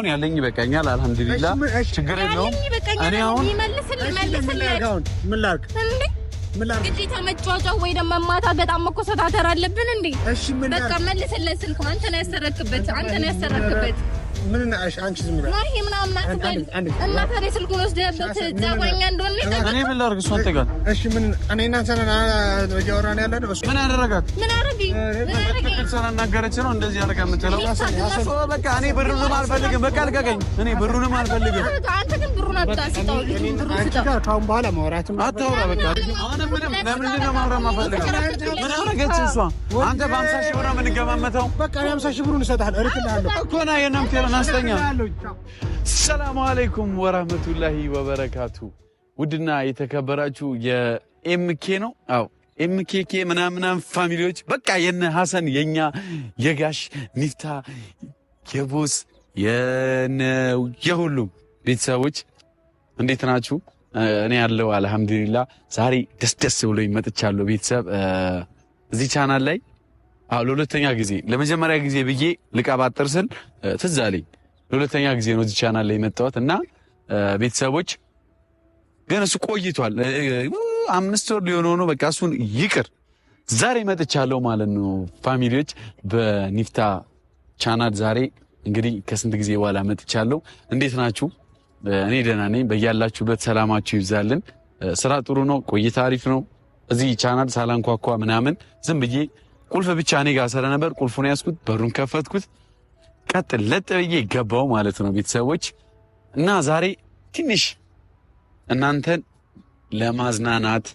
አሁን ያለኝ ይበቃኛል። አልሐምዱሊላ ችግር የለውም። እኔ አሁን ግዴታ መጫወቻው ወይ ደግሞ ማታ በጣም መኮሰታተር አለብን እንዴ? በቃ መልስለን ስልክ አንተ ነው ያሰረክበት፣ አንተ ነው ያሰረክበት ምን ነሽ አንቺ? ዝም ብላ ማርሄ ምናምን አትበል እና ታዲያ ስልኩን ወስደህበት ዛጓኛ እንደሆነ እኔ ምን ላድርግ? እሱ አንተ ጋር እሺ። ምን እኔ እናንተ ነን እያወራን ያለ ነው። ምን አደረጋት? ምን አደረግ? ምን አደረግ? ስላናገረች ነው እንደዚህ አደረጋ የምትለው። በቃ እኔ ብሩንም አልፈልግም። በቃ ልቀቀኝ። እኔ ብሩንም አልፈልግም። አንተ ግን ብሩን አታስታው። ግን ብሩ ስታው ካሁን በኋላ ማውራትም አታውራ። በቃ አሁን ምንም ለምንድን ነው ማውራት ማፈልግ? ምን አደረገች እሷ? አንተ በሀምሳ ሺህ ብር ነው የምንገማመተው። በቃ እኔ ሺህ ብሩን እሰጥሃለሁ እርክልሃለሁ እኮ ና የእናምቴ አነስተኛ። አስተኛ። ሰላሙ አለይኩም ወራህመቱላሂ ወበረካቱ። ውድና የተከበራችሁ የኤምኬ ነው አዎ ኤምኬኬ ምናምናም ፋሚሊዎች በቃ የነ ሐሰን የኛ የጋሽ ሚፍታ የቦስ የነ የሁሉም ቤተሰቦች እንዴት ናችሁ? እኔ ያለው አልሐምዱሊላ ዛሬ ደስ ደስ ብሎ ይመጥቻለሁ። ቤተሰብ እዚህ ቻናል ላይ አዎ ለሁለተኛ ጊዜ ለመጀመሪያ ጊዜ ብዬ ልቀባጥር ስል ትዝ አለኝ። ለሁለተኛ ጊዜ ነው እዚህ ቻናል ላይ የመጣሁት እና ቤተሰቦች ግን እሱ ቆይቷል፣ አምስት ወር ሊሆን ሆኖ በቃ እሱን ይቅር። ዛሬ መጥቻለሁ ማለት ነው ፋሚሊዎች በኒፍታ ቻናል ዛሬ እንግዲህ ከስንት ጊዜ በኋላ መጥቻለሁ። እንዴት ናችሁ? እኔ ደህና ነኝ። በያላችሁበት ሰላማችሁ ይብዛልን። ስራ ጥሩ ነው፣ ቆይታ አሪፍ ነው። እዚህ ቻናል ሳላንኳኳ ምናምን ዝም ብዬ ቁልፍ ብቻ እኔ ጋር ስለነበር ቁልፉን ያስኩት በሩን ከፈትኩት፣ ቀጥ ለጥ ብዬ ገባው ማለት ነው። ቤተሰቦች እና ዛሬ ትንሽ እናንተን ለማዝናናት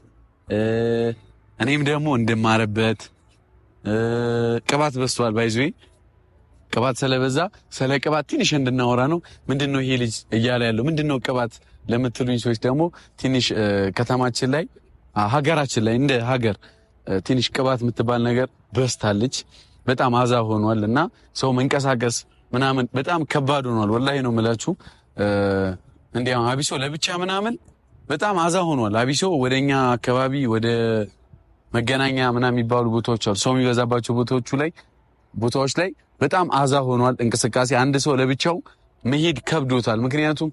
እኔም ደግሞ እንድማርበት ቅባት በስቷል ባይዙ ቅባት ስለበዛ ስለ ቅባት ትንሽ እንድናወራ ነው። ምንድን ነው ይሄ ልጅ እያለ ያለው ምንድን ነው ቅባት ለምትሉኝ ሰዎች ደግሞ ትንሽ ከተማችን ላይ ሀገራችን ላይ እንደ ሀገር ትንሽ ቅባት የምትባል ነገር በስታለች። በጣም አዛ ሆኗል እና ሰው መንቀሳቀስ ምናምን በጣም ከባድ ሆኗል። ወላሂ ነው የምላችሁ። እንዲህ አቢሶ ለብቻ ምናምን በጣም አዛ ሆኗል። አቢሶ ወደኛ አካባቢ ወደ መገናኛ ምናምን የሚባሉ ቦታዎች አሉ፣ ሰው የሚበዛባቸው ቦታዎቹ ላይ ቦታዎች ላይ በጣም አዛ ሆኗል። እንቅስቃሴ አንድ ሰው ለብቻው መሄድ ከብዶታል። ምክንያቱም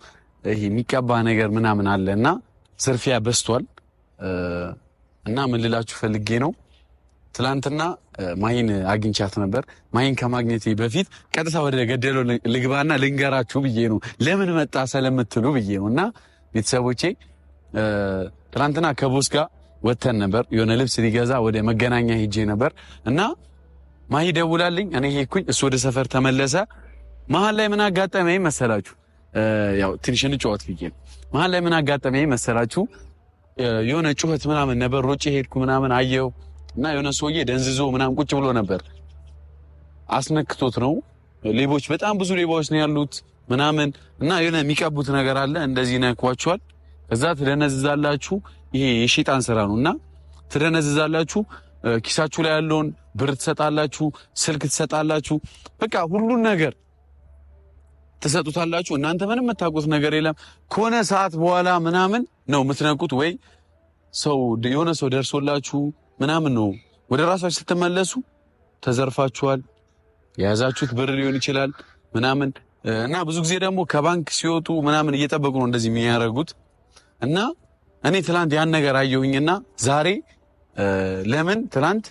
ይሄ የሚቀባ ነገር ምናምን አለ እና ዝርፊያ በስቷል። እና ምን ልላችሁ ፈልጌ ነው ትላንትና ማይን አግኝቻት ነበር። ማይን ከማግኘቴ በፊት ቀጥታ ወደ ገደለው ልግባና ልንገራችሁ ብዬ ነው። ለምን መጣ ስለምትሉ ብዬ ነው። እና ቤተሰቦቼ ትላንትና ከቦስ ጋር ወተን ነበር። የሆነ ልብስ ሊገዛ ወደ መገናኛ ሄጄ ነበር እና ማይ ደውላልኝ፣ እኔ ሄድኩኝ፣ እሱ ወደ ሰፈር ተመለሰ። መሀል ላይ ምን አጋጠመኝ መሰላችሁ? ያው ትንሽ እንጫወት ብዬ ነው። መሀል ላይ ምን አጋጠመኝ መሰላችሁ? የሆነ ጩኸት ምናምን ነበር። ሮጬ ሄድኩ ምናምን አየው እና የሆነ ሰውዬ ደንዝዞ ምናምን ቁጭ ብሎ ነበር። አስነክቶት ነው። ሌቦች በጣም ብዙ ሌባዎች ነው ያሉት ምናምን እና የሆነ የሚቀቡት ነገር አለ። እንደዚህ ነክቧቸዋል። ከዛ ትደነዝዛላችሁ። ይሄ የሼጣን ስራ ነው እና ትደነዝዛላችሁ። ኪሳችሁ ላይ ያለውን ብር ትሰጣላችሁ፣ ስልክ ትሰጣላችሁ፣ በቃ ሁሉን ነገር ትሰጡታላችሁ። እናንተ ምንም የምታውቁት ነገር የለም። ከሆነ ሰዓት በኋላ ምናምን ነው የምትነቁት፣ ወይ ሰው የሆነ ሰው ደርሶላችሁ ምናምን ነው ወደ ራሳችሁ ስትመለሱ ተዘርፋችኋል፣ የያዛችሁት ብር ሊሆን ይችላል ምናምን እና ብዙ ጊዜ ደግሞ ከባንክ ሲወጡ ምናምን እየጠበቁ ነው እንደዚህ የሚያደርጉት እና እኔ ትላንት ያን ነገር አየሁኝና ዛሬ ለምን ትላንት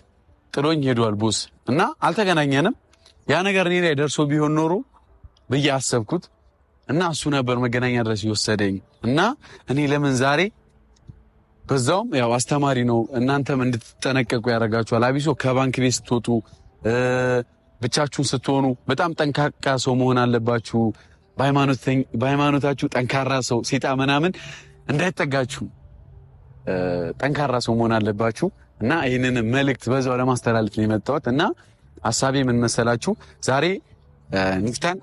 ጥሎኝ ሄዷል ቦስ እና አልተገናኘንም። ያ ነገር እኔ ላይ ደርሶ ቢሆን ኖሮ ብዬ አሰብኩት እና እሱ ነበር መገናኛ ድረስ የወሰደኝ እና እኔ ለምን ዛሬ በዛውም ያው አስተማሪ ነው። እናንተም እንድትጠነቀቁ ያደርጋችኋል። አቢሶ ከባንክ ቤት ስትወጡ፣ ብቻችሁን ስትሆኑ በጣም ጠንካቃ ሰው መሆን አለባችሁ። በሃይማኖታችሁ ጠንካራ ሰው ሴጣ ምናምን እንዳይጠጋችሁ ጠንካራ ሰው መሆን አለባችሁ እና ይህንን መልእክት በዛው ለማስተላለፍ ነው የመጣሁት እና ሀሳቤ ምን መሰላችሁ ዛሬ ንፍታን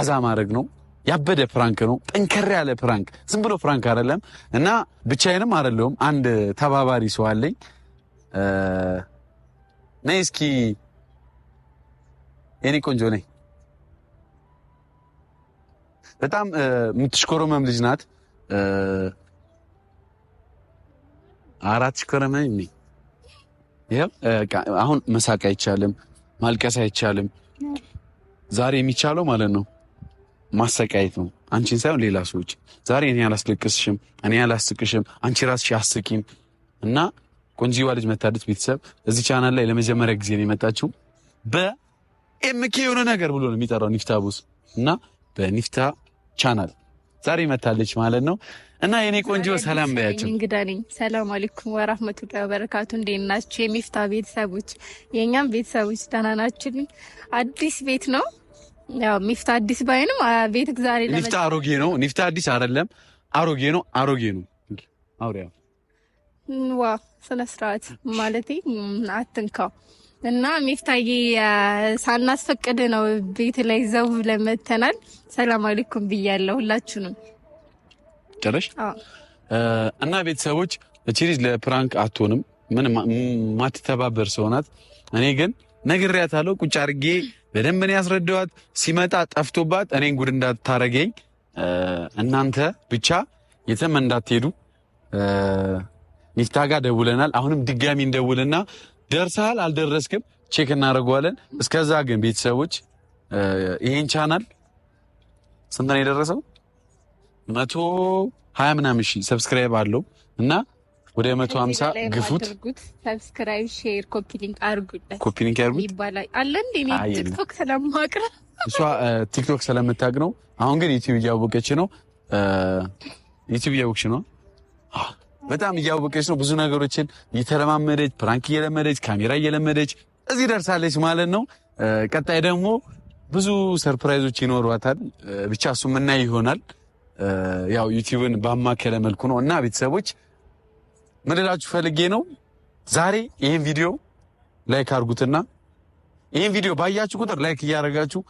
አዛ ማድረግ ነው። ያበደ ፕራንክ ነው። ጠንከር ያለ ፕራንክ፣ ዝም ብሎ ፕራንክ አይደለም እና ብቻዬንም አይደለሁም። አንድ ተባባሪ ሰው አለኝ። ነይ እስኪ የኔ ቆንጆ ነይ። በጣም የምትሽኮረመም ልጅ ናት። አራት ሽኮረመም አሁን መሳቅ አይቻልም፣ ማልቀስ አይቻልም። ዛሬ የሚቻለው ማለት ነው ማሰቃየት ነው። አንቺን ሳይሆን ሌላ ሰዎች። ዛሬ እኔ አላስለቅስሽም፣ እኔ አላስቅሽም፣ አንቺ ራስሽ አስቂም እና ቆንጂዋ ልጅ መታደት ቤተሰብ እዚህ ቻናል ላይ ለመጀመሪያ ጊዜ ነው የመጣችው። በኤምኬ የሆነ ነገር ብሎ ነው የሚጠራው ኒፍታ ቦስ እና በኒፍታ ቻናል ዛሬ መታለች ማለት ነው። እና የኔ ቆንጆ ሰላም በያቸው። እንግዳ ነኝ። ሰላም አለይኩም ወራህመቱላሂ ወበረካቱ። እንዴት ናችሁ የሚፍታ ቤተሰቦች? የእኛም ቤተሰቦች ደህና ናችሁ? አዲስ ቤት ነው ሚፍታ አዲስ ባይንም ቤት እግዚአብሔር ሚፍታ አሮጌ ነው። ሚፍታ አዲስ አይደለም፣ አሮጌ ነው። አሮጌ ነው። አውሪያ ዋ ስነ ስርዓት ማለቴ አትንካው እና ሚፍታዬ ሳናስፈቅድ ነው ቤት ላይ ዘው ለመተናል። ሰላም አለይኩም ብያለሁ ሁላችሁንም ጨረሽ እና ቤተሰቦች ቺሪዝ ለፕራንክ አትሆንም። ምን ማትተባበር ሰው ናት። እኔ ግን ነግሬያታለሁ ቁጭ አድርጌ በደንብ ነው ያስረዳኋት። ሲመጣ ጠፍቶባት እኔን ጉድ እንዳታረገኝ እናንተ ብቻ የትም እንዳትሄዱ። ሚፍታ ጋር ደውለናል። አሁንም ድጋሚ እንደውልና ደርሰሃል አልደረስክም ቼክ እናደርገዋለን። እስከዛ ግን ቤተሰቦች ይሄን ቻናል ስንት ነው የደረሰው? መቶ ሀያ ምናምን ሰብስክራይብ አለው እና ወደ መቶ ሀምሳ ግፉት። ሰብስክራይብ፣ ሼር፣ ኮፒ ሊንክ አድርጉለት። ኮፒ ይባላል አለ እንደ ቲክቶክ ስለማቅረ እሷ ቲክቶክ ስለምታውቅ ነው። አሁን ግን ዩቲዩብ እያወቀች ነው። ዩቲዩብ እያወቅች ነው። በጣም እያወቀች ነው። ብዙ ነገሮችን እየተለማመደች ፕራንክ እየለመደች ካሜራ እየለመደች እዚህ ደርሳለች ማለት ነው። ቀጣይ ደግሞ ብዙ ሰርፕራይዞች ይኖሯታል። ብቻ እሱ ምናይ ይሆናል። ያው ዩቲዩብን ባማከለ መልኩ ነው እና ቤተሰቦች ምንላችሁ ፈልጌ ነው ዛሬ ይህን ቪዲዮ ላይክ አድርጉትና ይህን ቪዲዮ ባያችሁ ቁጥር ላይክ እያደረጋችሁ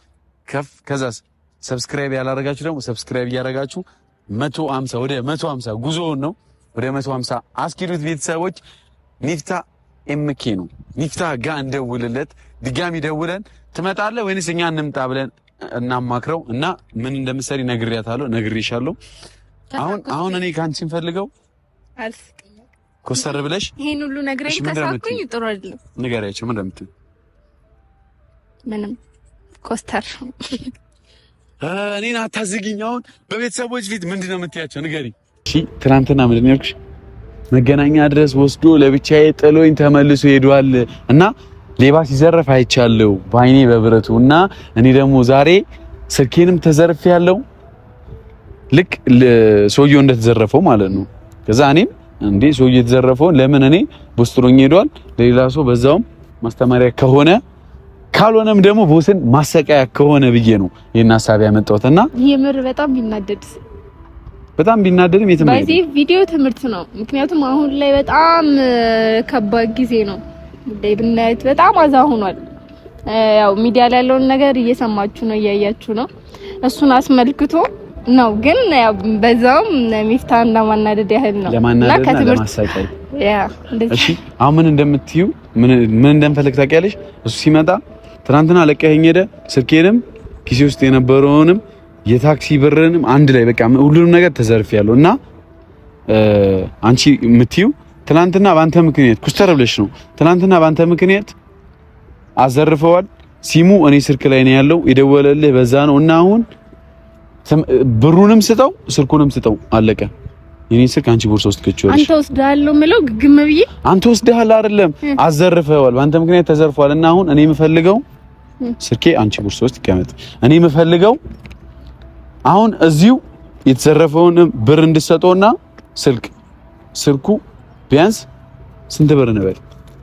ከፍ ከዛ ሰብስክራይብ ያላረጋችሁ ደግሞ ሰብስክራይብ እያደረጋችሁ መቶ አምሳ ወደ መቶ አምሳ ጉዞውን ነው ወደ መቶ አምሳ አስኪዱት ቤተሰቦች ኒፍታ ኤምኬ ነው ኒፍታ ጋ እንደውልለት ድጋሚ ደውለን ትመጣለ ወይንስ እኛ እንምጣ ብለን እናማክረው እና ምን እንደምትሰሪ ነግሬያታለሁ ነግሬሻለሁ አሁን አሁን እኔ ከአንቺ እንፈልገው ኮስተር ብለሽ ይሄን ሁሉ ነግረሽ ከሳኩኝ ጥሩ አይደለም። ንገሪያቸው ምን እንደምትል ምንም ኮስተር እኔን አታዝጊኝ። አሁን በቤተሰቦች ፊት ምንድን ነው የምትያቸው? ንገሪ። እሺ ትናንትና ምንድን ነው ያልኩሽ? መገናኛ ድረስ ወስዶ ለብቻዬ ጥሎኝ ተመልሶ ሄዷል እና ሌባ ሲዘረፍ አይቻለሁ በአይኔ በብረቱ እና እኔ ደግሞ ዛሬ ስልኬንም ተዘርፍ ያለው ልክ ሰውየው እንደተዘረፈው ማለት ነው። ከዛ እኔም እንዴ ሰው እየተዘረፈውን ለምን እኔ ቦስትሮኝ ሄዷል ለሌላ ሰው በዛውም ማስተማሪያ ከሆነ ካልሆነም ደግሞ ቦስን ማሰቃያ ከሆነ ብዬ ነው ይሄን ሀሳብ ያመጣሁት እና የምር በጣም ቢናደድ በጣም ቢናደድም የትም በዚህ ቪዲዮ ትምህርት ነው። ምክንያቱም አሁን ላይ በጣም ከባድ ጊዜ ነው። ጉዳይ ብናየት በጣም አዛ ሆኗል። ያው ሚዲያ ላይ ያለውን ነገር እየሰማችሁ ነው፣ እያያችሁ ነው። እሱን አስመልክቶ ነው ግን በዛውም ሚፍታን ለማናደድ ያህል ነው። ለማናደድ ለማሳቀል። እሺ አሁን ምን እንደምትዩ ምን እንደምፈልግ ታውቂያለሽ? እሱ ሲመጣ ትናንትና ለቀኸኝ ሄደ። ስልኬንም ኪሴ ውስጥ የነበረውንም የታክሲ ብርንም አንድ ላይ በቃ ሁሉንም ነገር ተዘርፍ ያለው እና አንቺ የምትዩ ትናንትና በአንተ ምክንያት ኩስተር ብለሽ ነው። ትናንትና በአንተ ምክንያት አዘርፈዋል። ሲሙ እኔ ስልክ ላይ ነው ያለው የደወለልህ በዛ ነው እና አሁን ብሩንም ስጠው ስልኩንም ስጠው፣ አለቀ። የኔ ስልክ አንቺ ቦርሳ ውስጥ ከቻለሽ አንተ ወስደሃል ምለው ግግም ብዬ አንተ ወስደሃል አይደለም፣ አዘርፈዋል። በአንተ ምክንያት ተዘርፏል። እና አሁን እኔ የምፈልገው ስልኬ አንቺ ቦርሳ ውስጥ ይቀመጥ። እኔ የምፈልገው አሁን እዚሁ የተዘረፈውን ብር እንድሰጠውና ስልክ ስልኩ ቢያንስ ስንት ብር ነበር?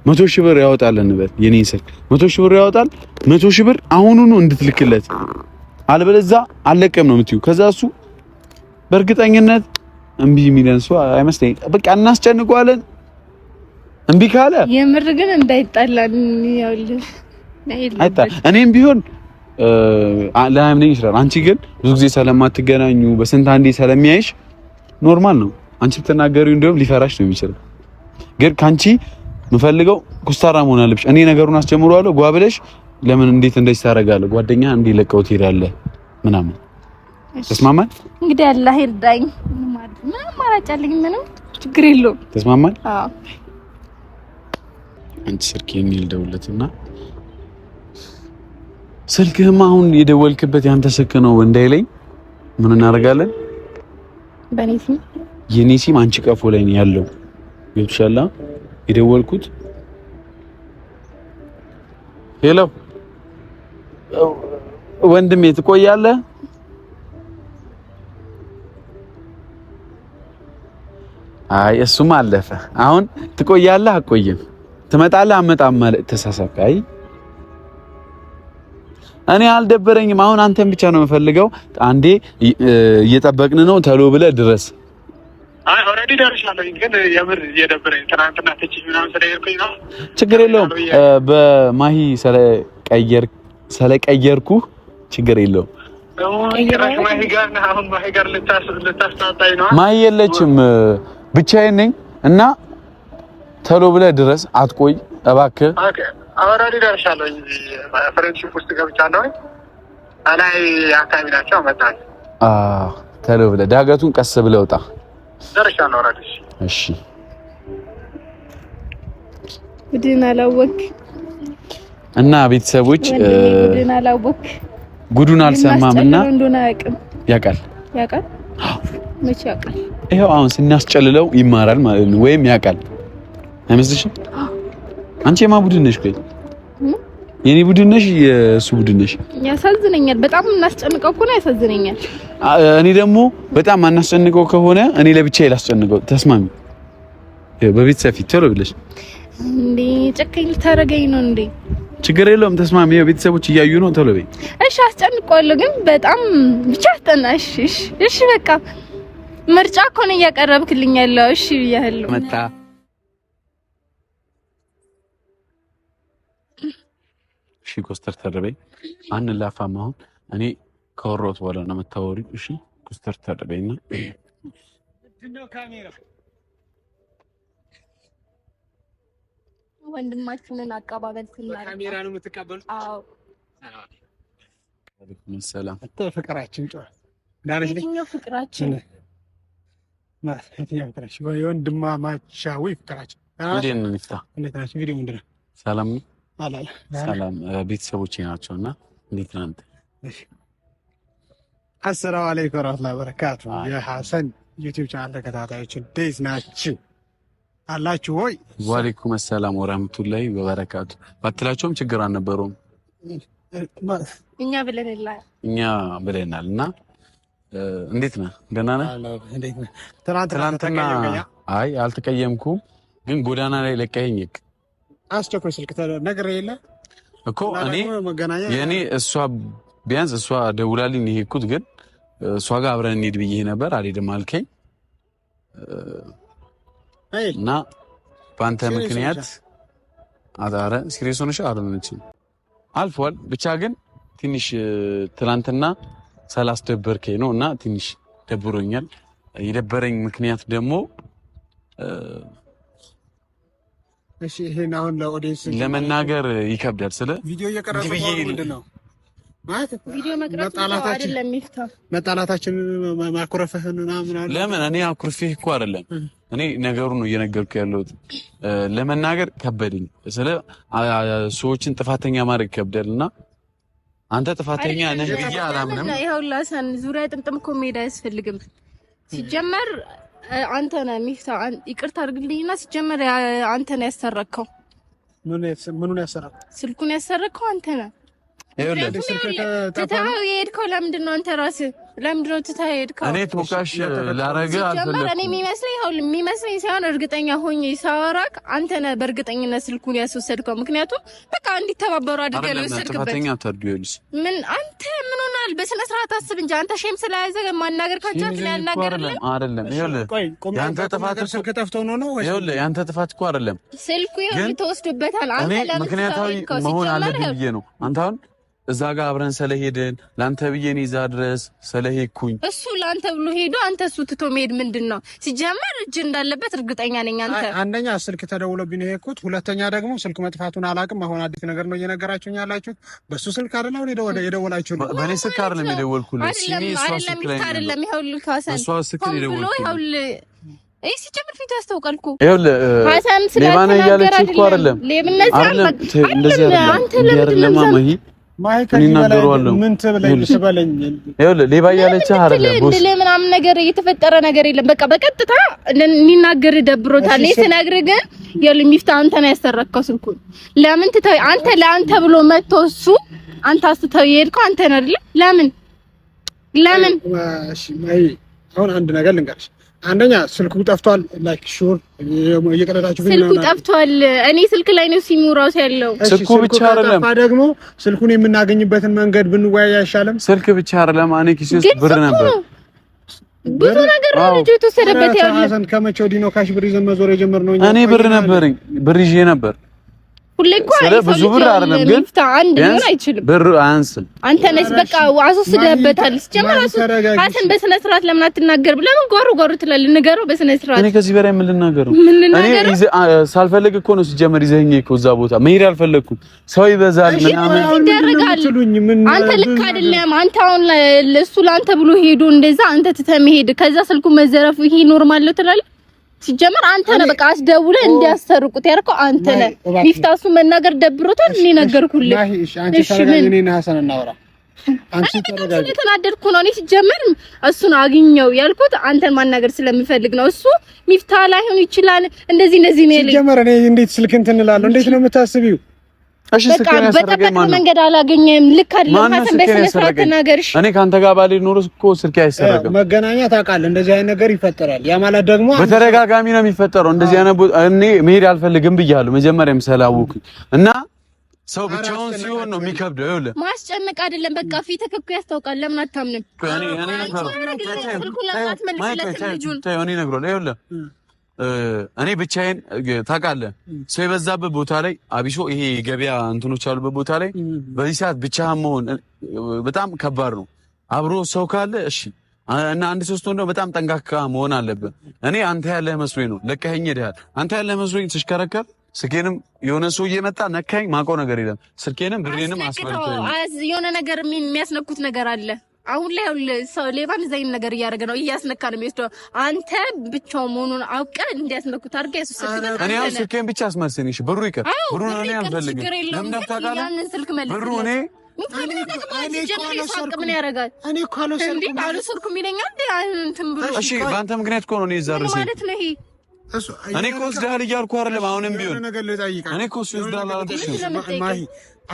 መቶ ሺህ ብር ያወጣል እንበል፣ የኔ ስልክ መቶ ሺህ ብር ያወጣል። መቶ ሺህ ብር አሁኑኑ እንድትልክለት አልበለዛ አለቀም ነው የምትዩ። ከዛ እሱ በእርግጠኝነት እምቢ የሚለን ሰው አይመስለኝ። በቃ እናስጨንቀዋለን። እምቢ ካለ የምር ግን እንዳይጣላን እኔም ቢሆን ላያምነኝ ይችላል። አንቺ ግን ብዙ ጊዜ ስለማትገናኙ በስንት አንዴ ስለሚያይሽ ኖርማል ነው። አንቺ ብትናገሪው እንዲሁም ሊፈራሽ ነው የሚችለው። ግን ከአንቺ የምፈልገው ኩስታራ መሆን አለብሽ። እኔ ነገሩን አስጀምረዋለሁ ጓብለሽ ለምን እንዴት እንደዚህ ታደርጋለህ? ጓደኛ እንዲህ ለቀው ትሄዳለህ ምናምን ተስማማል። እንግዲህ አላህ ይርዳኝ። ምን አማራጭ አለኝ። ምንም ችግር የለውም። ተስማማል። አዎ አንቺ ስልኬን ልደውልለትና ስልክህም አሁን የደወልክበት ያንተ ስልክ ነው እንዳይለኝ ምን እናደርጋለን? በኔ ሲም የኔ ሲም አንቺ ቀፎ ላይ ነው ያለው። ገብቶሻል? የደወልኩት ሄሎ ወንድሜ ትቆያለህ? አይ እሱም አለፈ። አሁን ትቆያለህ? አቆይም። ትመጣለህ? አመጣም ማለት ተሳሳብክ። አይ እኔ አልደበረኝም። አሁን አንተን ብቻ ነው የምፈልገው። አንዴ እየጠበቅን ነው፣ ተሎ ብለህ ድረስ። አይ ኦልሬዲ ደርሻለሁ፣ ግን የምር እየደበረኝ ትናንትና ትችይ ምናምን ስለሄድኩኝ ነው። ችግር የለውም። በማሂ ስለቀየርክ ስለቀየርኩ ችግር የለውም። ማይ የለችም ብቻዬን ነኝ እና ተሎ ብለህ ድረስ አትቆይ እባክህ። አወራሪ ደርሻለሁ። ፍሬንድሺፕ ውስጥ ገብቻለሁ። ላይ አካባቢ ናቸው ተሎ ብለህ ዳገቱን ቀስ ብለህ ውጣ። ደርሻለሁ። እሺ። ቡድን አላወቅህ እና ቤተሰቦች ጉዱን አልሰማም እና ያውቃል ያውቃል መቼ ያውቃል። ይኸው አሁን ስናስጨልለው ይማራል ማለት ነው፣ ወይም ያውቃል። አይመስልሽም? አንቺ የማ ቡድን ነሽ? ቆይ የኔ ቡድን ነሽ? የእሱ ቡድን ነሽ? ያሳዝነኛል። በጣም እናስጨንቀው እኮ ነው፣ ያሳዝነኛል። እኔ ደግሞ በጣም አናስጨንቀው ከሆነ እኔ ለብቻዬ ላስጨንቀው። ተስማሚ በቤተሰብ ፊት ቶሎ ብለሽ እንዴ ጨካኝ ልታረገኝ ነው እንዴ? ችግር የለውም ተስማሚ። ቤተሰቦች እያዩ ነው። ቶሎ በይ እሺ። አስጨንቋለሁ ግን በጣም ብቻ አስጠና። እሺ፣ እሺ፣ በቃ ምርጫ እኮ ነው እያቀረብክልኝ ያለው። እሺ ብያለሁ። መጣ እሺ፣ ኮስተር ተርበይ ላፋም አሁን እኔ ከወሮት በኋላ ነው የምታወሪው። እሺ፣ ኮስተር ተርበይና ወንድማችንን አቀባበል ስናደርግ ካሜራ ነው የምትቀበሉት? አዎ። ወአለይኩም ሰላም። ፍቅራችን ጮኸ። የትኛው ፍቅራችን? የወንድማማቻዊ ፍቅራችን። እንዴት ነው ሚፍታ? እንዴት ናቸው? ቪዲዮ ምንድን ሰላም ነው። ሰላም ቤተሰቦቼ ናቸው እና እንዴት ናንተ? አሰላሙ አለይኩም ወረህመቱላሂ ወበረካቱ። የሐሰን ዩቲዩብ ቻናል ተከታታዮች እንዴት ናችሁ? አላችሁ ሆይ ዋሌኩም ሰላም ወራህመቱላሂ በበረካቱ ባትላቸውም ችግር አልነበሩም። እኛ ብለንላል እኛ ብለናል። እና እንዴት ነ ደህና ነህ? ትናንትና አይ አልተቀየምኩም፣ ግን ጎዳና ላይ ለቀኝ አስቸኳይ ስልክ ነገር የለ እኮ እኔ የእኔ እሷ ቢያንስ እሷ ደውላልኝ የሄድኩት ግን እሷ ጋር አብረን እንሂድ ብዬ ነበር። አልሄድም አልከኝ እና በአንተ ምክንያት አዳረ ሲሪየስ ሆነሽ አልሆነችም። አልፏል። ብቻ ግን ትንሽ ትናንትና ስላስደበርከኝ ነው እና ትንሽ ደብሮኛል። የደበረኝ ምክንያት ደግሞ ለመናገር ይከብዳል። ስለ ቪዲዮ እየቀረጸ ነው መጣላታችን ማኩረፍህን ምናምን ለምን እኔ አኩርፌህ እኮ አይደለም እኔ ነገሩን ነው እየነገርኩ ያለሁት። ለመናገር ከበደኝ ስለ ሰዎችን ጥፋተኛ ማድረግ ይከብዳል እና አንተ ጥፋተኛ ነህ ብዬ አላምንም። ይኸውልህ ሀሰን ዙሪያ ጥምጥም እኮ መሄድ አያስፈልግም። ሲጀመር አንተ ነህ ሚፍታ፣ ይቅርታ አድርግልኝና ሲጀመር አንተ ነህ ያሰረከው። ምኑን ያሰረከው? ስልኩን ያሰረከው አንተ ነህ። ይኸውልህ የሄድከው ለምንድን ነው አንተ ራስህ ለምድሮ ነው እኔ ትሞካሽ አልፈለኩም። እኔ የሚመስለኝ የሚመስለኝ ሳይሆን እርግጠኛ ሆኜ ሳወራክ አንተ ነህ በእርግጠኝነት ስልኩን ያስወሰድከው። ምክንያቱም በቃ እንዲተባበሩ አድርገህ ነው የወሰድክበት። ምን አንተ ምን ሆናል? በስነ ስርዓት አስብ እንጂ አንተ ሼም ስለያዘ ማናገር አይደለም። ያንተ ጥፋት ስልክ ጠፍቶ ነው ነው? ይኸውልህ ያንተ ጥፋት እኮ አይደለም ስልኩ ተወስዶበታል። አንተ ለምን ምክንያታዊ መሆን አለብኝ ብዬ ነው አንተ አሁን እዛ ጋር አብረን ስለሄድን ለአንተ ብዬ እኔ እዛ ድረስ ስለሄድኩኝ እሱ ለአንተ ብሎ ሄዶ አንተ እሱ ትቶ መሄድ ምንድን ነው ሲጀመር? እጅ እንዳለበት እርግጠኛ ነኝ። አንተ አንደኛ ስልክ ተደውሎብኝ የሄድኩት፣ ሁለተኛ ደግሞ ስልክ መጥፋቱን አላውቅም። አሁን አዲስ ነገር ነው እየነገራችሁኝ ያላችሁት። በእሱ ስልክ አይደለም የደወላችሁ ነው። በእኔ ስልክ አይደለም የደወልኩልህ፣ አይደለም ሲጀምር ፊቱ ያስታውቃል እኮ ሀሳም ስለ ሌባነ እያለች እኮ አይደለም። ሌብነት አይደለም። አንተ ለምንድን ነው ሌባ እያለችህ ምናምን ነገር የተፈጠረ ነገር የለም። በቃ በቀጥታ ሊናገር ደብሮታል። እኔ ስነግርህ ግን የሉ ሚፍታ አንተን ያሰረከው ስልኩን ለምን ትተው አንተ ለአንተ ብሎ መጥቶ እሱ አንተ አስተተው የሄድከው አንተን አይደለ? ለምን ለምን? እሺ ማይ አሁን አንድ ነገር ልንገርሽ አንደኛ ስልኩ ጠፍቷል። ላይክ ሹር እየቀረጣችሁ ስልኩ ጠፍቷል። እኔ ስልክ ላይ ነው ሲሙ ራሱ ያለው ስልኩ ብቻ አይደለም። ደግሞ ስልኩን የምናገኝበትን መንገድ ብንወያይ አይሻልም? ስልክ ብቻ አይደለም። እኔ ኪስ ውስጥ ብር ነበር፣ ብዙ ነገር ነው ልጁ የተወሰደበት። ያው ከመቼ ወዲህ ነው ካሽ ብር ይዘን መዞር የጀመርነው? እኔ ብር ነበርኝ፣ ብር ይዤ ነበር ሁሌ እኮ ብዙ ብር አይደለም፣ ግን አንድ ሊሆን አይችልም። ብር አንስም አንተ ነህ በቃ አስወስደህበታል። ሲጀመር ሀሰን በስነ ስርዓት ለምን አትናገርም? ለምን ጓሩ ጓሩ ትላለህ? ንገረው በስነ ስርዓት። እኔ ከዚህ በላይ ምን ልናገረው? እኔ ሳልፈልግ እኮ ነው ሲጀመር ይዘኸኝ እኮ እዛ ቦታ መሄድ አልፈለኩም። ሰው ይበዛል ምናምን ይደረጋል። አንተ ልክ አይደለም። አንተ አሁን እሱ ለአንተ ብሎ ሄዶ እንደዛ አንተ ትተህ መሄድ ከዛ ስልኩ መዘረፉ ይሄ ኖርማል ነው ትላለህ ሲጀመር አንተ ነህ በቃ አስደውለህ እንዲያስተርቁት ያልከው አንተ ነህ። ሚፍታ እሱ መናገር ደብሮታል። እኔ ነገርኩልህ። እሺ ምን አንቺ የተናደድኩ ነው። እኔ ሲጀመር እሱን አግኘው ያልኩት አንተን ማናገር ስለምፈልግ ነው። እሱ ሚፍታ ላይሆን ይችላል እንደዚህ እንደዚህ ነው። ሲጀመር እኔ እንዴት ስልክ እንትን እላለሁ? እንዴት ነው የምታስቢው? በቃ በጠበቅነው መንገድ አላገኘህም። ልክ አይደለም። ሀሰን በስነ ስርዓት ተናገርሽ። እኔ ከአንተ ጋር ባልሄድ ኖሮ እኮ ስልኬ አይሰረገም። መገናኛ ታውቃለህ፣ እንደዚህ አይነት ነገር ይፈጠራል። ያ ማለት ደግሞ በተደጋጋሚ ነው የሚፈጠረው። እንደዚህ አይነት እኔ መሄድ አልፈልግም ብያለሁ መጀመሪያም ስላወኩ እና ሰው ብቻውን ሲሆን ነው የሚከብደው። ይኸውልህ ማስጨነቅ አይደለም። በቃ ፊት ተከኩ ያስታውቃል። ለምን አታምንም? እኔ እኔ እኔ ብቻዬን ታውቃለህ፣ ሰው የበዛበት ቦታ ላይ አቢሾ ይሄ ገበያ እንትኖች ያሉበት ቦታ ላይ በዚህ ሰዓት ብቻህን መሆን በጣም ከባድ ነው። አብሮ ሰው ካለ እሺ እና አንድ ሶስት ወንዶ በጣም ጠንካካ መሆን አለብን። እኔ አንተ ያለህ መስሎኝ ነው ለቀኸኝ ሄደሃል። አንተ ያለህ መስሎኝ ስሽከረከር ስኬንም የሆነ ሰው እየመጣ ነካኝ። ማውቀው ነገር የለም። ስልኬንም ብሬንም አስመልቶ የሆነ ነገር የሚያስነኩት ነገር አለ አሁን ላይ ሰው ሌባ እንደዚህ ነገር እያደረገ ነው፣ እያስነካ ነው የሚወስደው። አንተ ብቻው መሆኑን አውቀ እንዲያስነኩት አድርገ እኔ ስልኬን ብቻ አስመስን። እሺ ብሩ ይቅር፣ ብሩ እኔ አልፈልግም። ያንን ስልክ መልስ ብሩ እኔ በአንተ ምክንያት እኮ ነው እዛ እኔ እኮ ወስደሃል እያልኩ አይደለም። አሁንም ቢሆን እኔ እኮ እሱ ወስደሃል አላልኩሽም።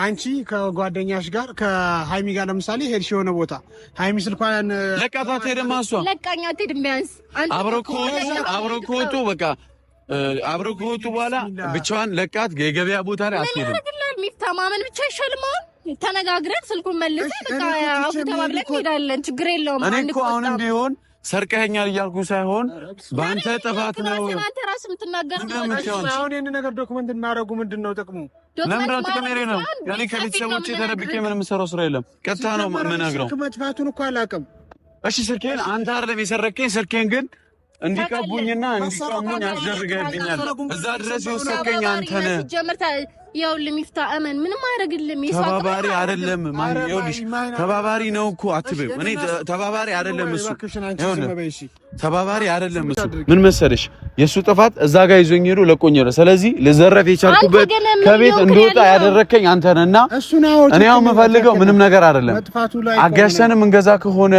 አንቺ ከጓደኛሽ ጋር ከሀይሚ ጋር ለምሳሌ ሄድሽ የሆነ ቦታ ሀይሚ ስልኳን ለቃት አትሄድም። እሷ ለቃኝ አትሄድም። ቢያንስ አብረው ከወጡ አብረው ከወጡ በቃ አብረው ከወጡ በኋላ ብቻዋን ለቃት የገበያ ቦታ ላይ አትሄድም። ሚፍታማመን ብቻ ይሻልማ። ተነጋግረን ስልኩን መልሰን በቃ አውጥተን ሄዳለን። ችግር የለውም። እኔ እኮ አሁንም ቢሆን ሰርቀኸኛል እያልኩ ሳይሆን በአንተ ጥፋት ነው። አንተ ራስህ የምትናገረው አሁን ይህን ነገር ዶክመንት እናደርጉ ምንድን ነው ጥቅሙ? ለምንድን ጥቅሜ ነው? እኔ ምን የምሰራው ስራ የለም። ቀጥታ ነው የምነግረው። መጥፋቱን እኮ አላውቅም። እሺ ስልኬን አንተ አይደለም የሰረከኝ። ስልኬን ግን እንዲቀቡኝና እንዲቀሙኝ አስደርገህብኛል። እዛ ድረስ የወሰድከኝ አንተ ነህ። ያው ለሚፍታ አመን ምንም አያደርግልም። ተባባሪ አይደለም ማን ይኸውልሽ፣ ተባባሪ ነው እኮ አትበይው። እኔ ተባባሪ አይደለም እሱ ተባባሪ አይደለም እሱ። ምን መሰለሽ፣ የእሱ ጥፋት እዛ ጋር ይዞኝ ሄዶ ለቆኝ ነው። ስለዚህ ልዘረፍ የቻልኩበት ከቤት እንደወጣ ያደረከኝ አንተ ነህና፣ እኔ አሁን የምፈልገው ምንም ነገር አይደለም። አጋሽተንም እንገዛ ከሆነ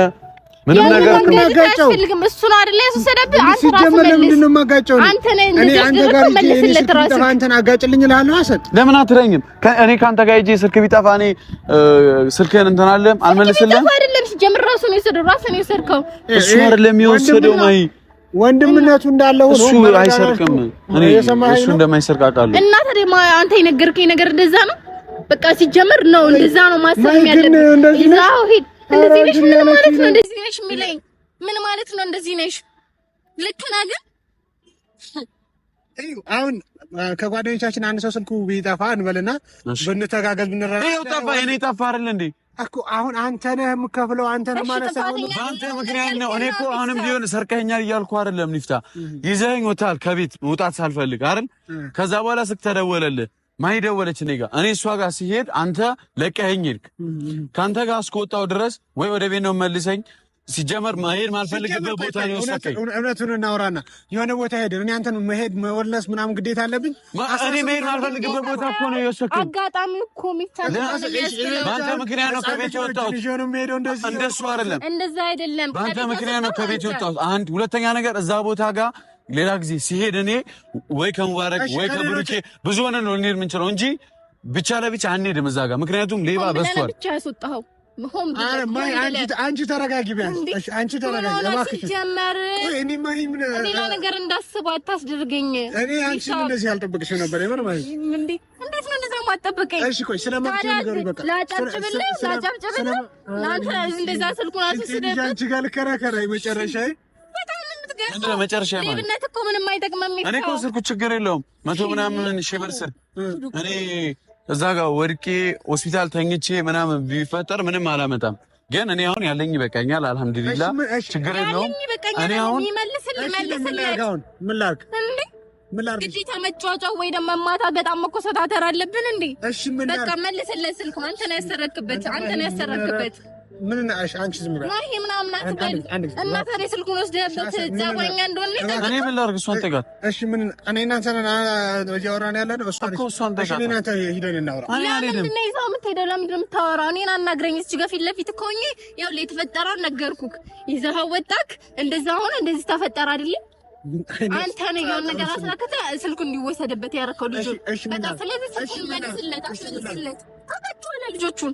ምንም ነገር ከመጋጨው እሱን አይደለ ያስወሰደብህ አንተ ራስህ አንተ ነህ እኔ አንተ ጋር እኔ አጋጭልኝ ለምን እኔ ጋር ስልክ እኔ አይደለም ነው ነው እሱ አይደለም ማይ ወንድምነቱ እንዳለ ሆኖ እሱ አይሰርቅም። እኔ እሱ እንደማይሰርቅ አውቃለሁ። እና ታዲያ አንተ የነገርከኝ ነገር እንደዛ ነው። በቃ ሲጀምር ነው እንደዛ ነው ማሰብ ያለብህ። ይዛው ሂድ እንደዚህ ነሽ። ምን ማለት ነው እንደዚህ ነሽ የሚለኝ? ምን ማለት ነው እንደዚህ ነሽ? ልክ ነህ ግን አሁን ከጓደኞቻችን አንድ ሰው ስልኩ ቢጠፋ እንበልና ብንተጋገዝ ብንረዳ ጠፋ ጠፋ አይደል እንዴ እኮ አሁን አንተ ነህ የምከፍለው አንተ ነህ ማለት በአንተ ምክንያት ነው እኔ እኮ አሁንም ቢሆን ሰርቀኸኛል እያልኩ አይደለም ኒፍታ ይዘኸኝ ወታል ከቤት መውጣት ሳልፈልግ አይደል ከዛ በኋላ ስልክ ተደወለልህ ማን ደወለች? እኔ ጋር እኔ እሷ ጋር ሲሄድ አንተ ለቀኸኝ ሄድክ። ከአንተ ጋር እስከወጣው ድረስ ወይ ወደ ቤት ነው መልሰኝ። ሲጀመር መሄድ ማልፈልግበት ቦታ ነው የወሰድከኝ። እውነቱን እናውራና የሆነ ቦታ ሄድን። እኔ አንተን መሄድ መወለስ ምናምን ግዴታ አለብኝ። እኔ መሄድ ማልፈልግበት ቦታ እኮ ነው የወሰድከኝ። አጋጣሚ እኮ በአንተ ምክንያት ነው ከቤት የወጣሁት። እንደሱ አይደለም፣ እንደዛ አይደለም። በአንተ ምክንያት ነው ከቤት የወጣሁት። አንድ ሁለተኛ ነገር እዛ ቦታ ጋር ሌላ ጊዜ ሲሄድ እኔ ወይ ከሙባረክ ወይ ከብሩኬ ብዙ ሆነ ነው ልንሄድ የምንችለው እንጂ ብቻ ለብቻ አንሄድም እዛ ጋር። ምክንያቱም ሌባ በስቷል። አንቺ ተረጋጊ፣ አንቺ ተረጋጊ። ሌላ ነገር እንዳስበው አታስደርገኝ። እኔ አንቺን እንደዚህ አልጠብቅሽም ነበር። የምር እንዴት ነው እንደዛ ማጠብቀኝ? እሺ ቆይ ስለማትችል ነገር በቃ ላጨብጭብልህ፣ ላጨብጭብልህ። ለአንተ ስልኩን አንቺ ጋር ልከራከር መጨረሻዬ ችግር መጨረሻ ሌብነት እኮ ምንም አይጠቅምም። እኔ እኮ ስልኩ ችግር የለውም መቶ ምናምን ሺህ ብር ስር እኔ እዛ ጋር ወድቄ ሆስፒታል ተኝቼ ምናምን ቢፈጠር ምንም አላመጣም። ግን እኔ አሁን ያለኝ ይበቃኛል። አልሐምዱሊላ ችግር የለውም። እኔ አሁን ግዴታ መጫወጫው ወይ ደግሞ ማታት በጣም መኮሰታተር አለብን እንዴ? በቃ መልስለት ስልኩን። አንተ ነው ያሰረክበት፣ አንተ ነው ያሰረክበት ምን ነሽ አንቺ? ዝም ብላ ማርሄ ምናምን አትበል እና ታዲያ ስልኩን ወስደህበት ዛጓኛ እንደሆነ እኔ ምን ላድርግ? እሷን ተጋት። እሺ ምን እኔ እናንተ እያወራን ያለ ነው። እሷን ተጋት። እናንተ ሂደን እናውራ። ለምንድን ነው ይዛው የምትሄደው? ለምንድን ነው የምታወራው? እኔን አናግረኝ። እዚህ ጋር ፊት ለፊት እኮ ሆኜ ያው የተፈጠረውን ነገርኩህ። ይዘኸው ወጣክ፣ እንደዛ ሆነ፣ እንደዚህ ተፈጠረ አይደለም አንተ ነው የሆነ ነገር አስላከተ ስልኩ እንዲወሰድበት ያደረከው ልጁ በጣም ስለዚህ ስልኩን መልስለት፣ መልስለት። ታቃቸዋለህ ልጆቹን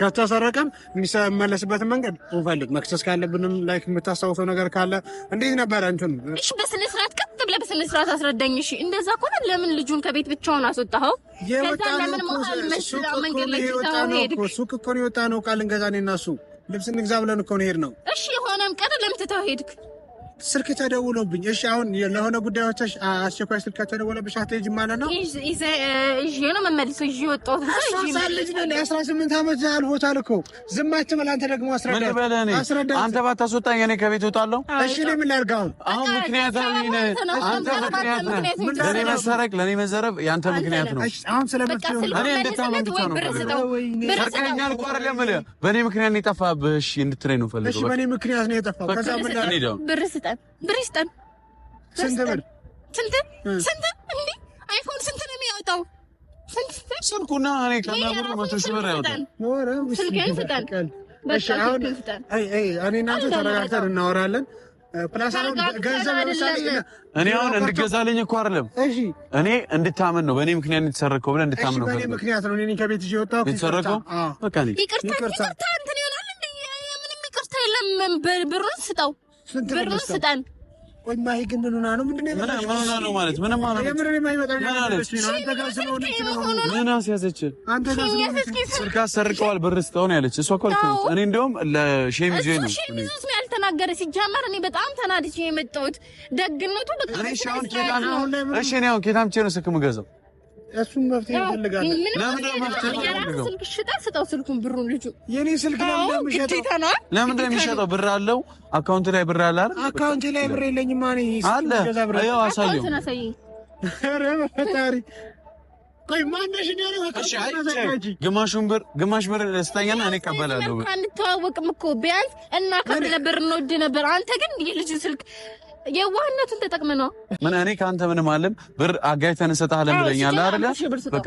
ከተሰረቀም የሚመለስበትን መንገድ እንፈልግ። መክሰስ ካለብንም ላይክ የምታስታውሰው ነገር ካለ እንዴት ነበረ እንትን በስነ ስርዓት ቀጥ ብለህ በስነ አስረዳኝ። እሺ፣ እንደዛ ከሆነ ለምን ልጁን ከቤት ብቻውን አስወጣኸው? ከዛ ሱቅ እኮ ነው የወጣ ነው ቃል እንገዛ እኔ እና እሱ ልብስ እንግዛ ብለን እኮ ነው የሄድነው። እሺ፣ የሆነም ቀን ለምን ትተኸው ሄድክ? ስልክ ተደውሎብኝ። እሺ አሁን ለሆነ ጉዳዮች አስቸኳይ ስልክ ተደወለብሽ አትሄጂም ማለት ነው? ይዤ ነው ስምንት ዓመት አልፎታል እኮ ዝም አትበል። አንተ ደግሞ አስረዳ። አንተ ባታስወጣኝ እኔ ከቤት እወጣለሁ። እሺ እኔ ምን ላድርግ አሁን? አሁን አንተ። ምክንያት መሰረቅ፣ ለእኔ መዘረብ የአንተ ምክንያት ነው። አሁን ስለመፍትሄ እንድታመን ብቻ ነው በእኔ ምክንያት ነው የጠፋብህ። እሺ እንድትለኝ ነው ፈልገው። በእኔ ምክንያት ነው የጠፋው። ከዛ ምን ላድርግ ይስጠን፣ ብር ይስጠን። ስንት ብር? ስንት ስንት? እንዴ አይፎን ስንት ነው የሚያወጣው? ስልኩና እኔ ከናብሩ መቶ ሺህ ብር ያወጣል። ስልክህን ስጠን። እኔ እናወራለን። ፕላስ አሁን እኔ እንድገዛልኝ እኮ አይደለም፣ እኔ እንድታመን ነው። በእኔ ምክንያት የተሰረከው ብለህ እንድታመን ነው። ይቅርታ ይቅርታ፣ እንትን ይሆናል። ምንም ይቅርታ የለም። ብሩን ስጠው ስንት ብር ስጠን። ቆይ ማሂ ግን ምን ሆና ነው? ምንድን ነው ነው ማለት ምንም ማለት ነው። ምን አስያዘች? ስልክ አሰርቀዋል ብር ስጠው ነው ያለች እሷ እኮ እኔ እንደውም ለሼም ይዤ ነው ያልተናገረ ሲጀመር እኔ በጣም ተናድጄ የመጣሁት ደግነቱ በጣም እሺ። አሁን ኬታም ቼ ነው ስልክ የምገዛው እሱን መፍትሄ ይፈልጋል። ስልክ ሽጣ ስጠው፣ ስልኩን ብሩን ልጁ የኔ ስልክ ለምን ብር አለው አካውንት ላይ ብር አለ አይደል? አካውንት ላይ ብር የለኝም አለ። ቆይ ግማሹን ብር ግማሽ ብር ስጠኝና እኔ እቀበላለሁ። አንተዋወቅም እኮ ቢያንስ እና ከብለ ብር እንወድ ነበር። አንተ ግን የልጁ ስልክ የዋህነቱን ተጠቅመ ነው። ምን እኔ ከአንተ ምንም አለም ብር አጋይተን እሰጥሃለን ብለኛል አይደለ? በቃ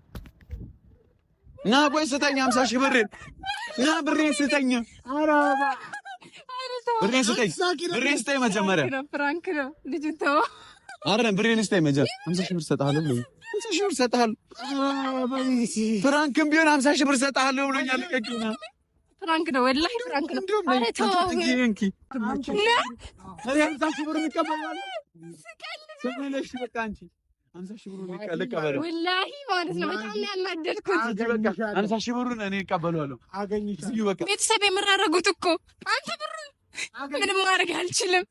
ና ቆይ ስጠኝ፣ ሀምሳ ሺህ ብሬን ና ብሬን ስጠኝ፣ ብሬን ስጠኝ፣ ብሬን ስጠኝ። መጀመሪያ ፍራንክ ነው ልጁ ተው፣ አይደለም ብሬን ስጠኝ። መጀመሪያ ሀምሳ ሺህ ብር እሰጥሃለሁ፣ ሀምሳ ሺህ ብር እሰጥሃለሁ። ፍራንክም ቢሆን ሀምሳ ሺህ ብር እሰጥሃለሁ ብሎኛል። ፍራንክ ነው፣ ወላሂ ፍራንክ ነው። ኧረ ተው ሀምሳ ሺህ ብር እንቀበላለሁ። ስቀልድ በቃ አንቺ አምሳ ሺህ ብሩን ልቀበለው ወላሂ ማለት ነው። በጣም ያናደድኩት አምሳ ሺህ ብሩን እኔ እቀበለዋለሁ። ቤተሰብ የምራረጉት እኮ አንተ ብሩን ምንም ማድረግ አልችልም።